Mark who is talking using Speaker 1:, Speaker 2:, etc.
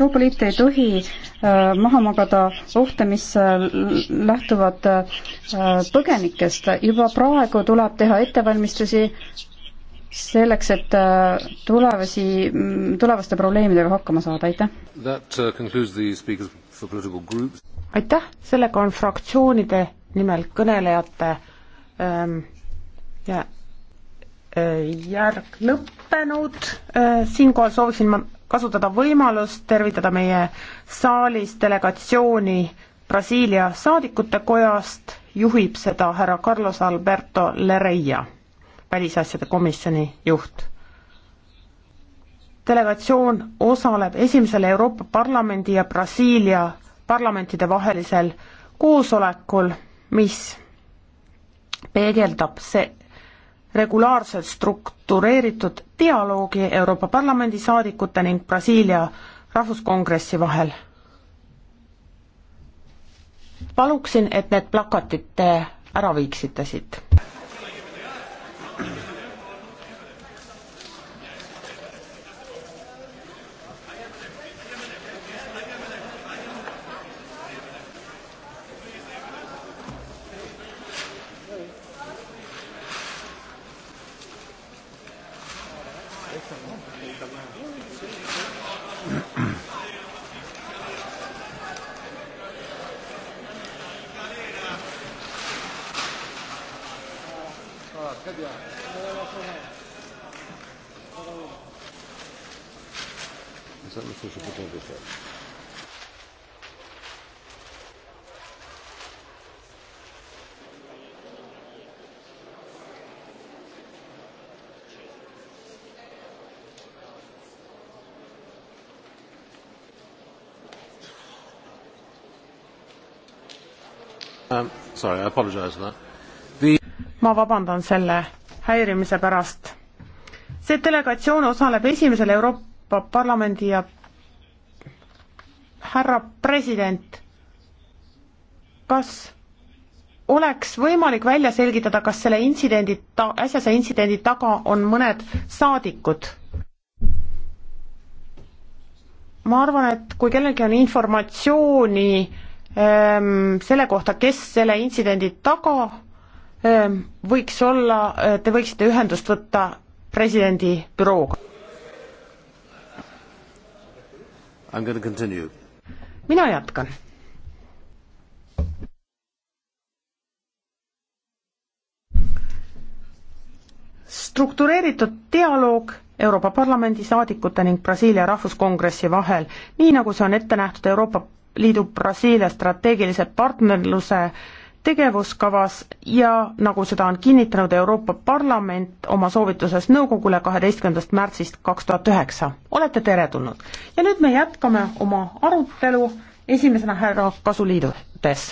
Speaker 1: Euroopa Liit ei tohi äh, maha magada ohte, mis äh, lähtuvad äh, põgenikest. juba praegu tuleb teha ettevalmistusi selleks, et äh, tulevasi, mm, tulevaste probleemidega hakkama saada, aitäh! Uh, aitäh, sellega on fraktsioonide nimel kõnelejate ähm, ja järg lõppenud, äh, siinkohal sooviksin ma kasutada võimalust tervitada meie saalis delegatsiooni Brasiilia saadikute kojast, juhib seda härra Carlos Alberto Lereia, välisasjade komisjoni juht. delegatsioon osaleb esimesel Euroopa Parlamendi ja Brasiilia parlamentide vahelisel koosolekul, mis peegeldab see regulaarselt struktureeritud dialoogi Euroopa Parlamendi saadikute ning Brasiilia rahvuskongressi vahel. paluksin, et need plakatid te ära viiksite siit Pensamos que se puede empezar. um,. The... ma vabandan selle häirimise pärast. see delegatsioon osaleb esimesel Euroopa Parlamendi ja härra president, kas oleks võimalik välja selgitada, kas selle intsidendi ta-, äsjase intsidendi taga on mõned saadikud? ma arvan, et kui kellelgi on informatsiooni Ehm, selle kohta, kes selle intsidendi taga ehm, võiks olla, eh, te võiksite ühendust võtta presidendi bürooga. mina jätkan. struktureeritud dialoog Euroopa Parlamendi saadikute ning Brasiilia Rahvuskongressi vahel, nii nagu see on ette nähtud Euroopa Liidu Brasiilia strateegilise partnerluse tegevuskavas ja nagu seda on kinnitanud Euroopa Parlament oma soovituses nõukogule kaheteistkümnendast märtsist kaks tuhat üheksa. olete teretulnud. ja nüüd me jätkame oma arutelu, esimesena härra Kasuliidudes.